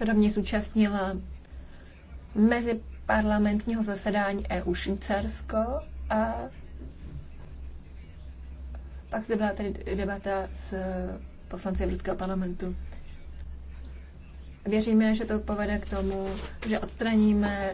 se rovněž zúčastnil mezi parlamentního zasedání EU Švýcarsko a pak zde byla tedy debata s poslanci Evropského parlamentu. Věříme, že to povede k tomu, že odstraníme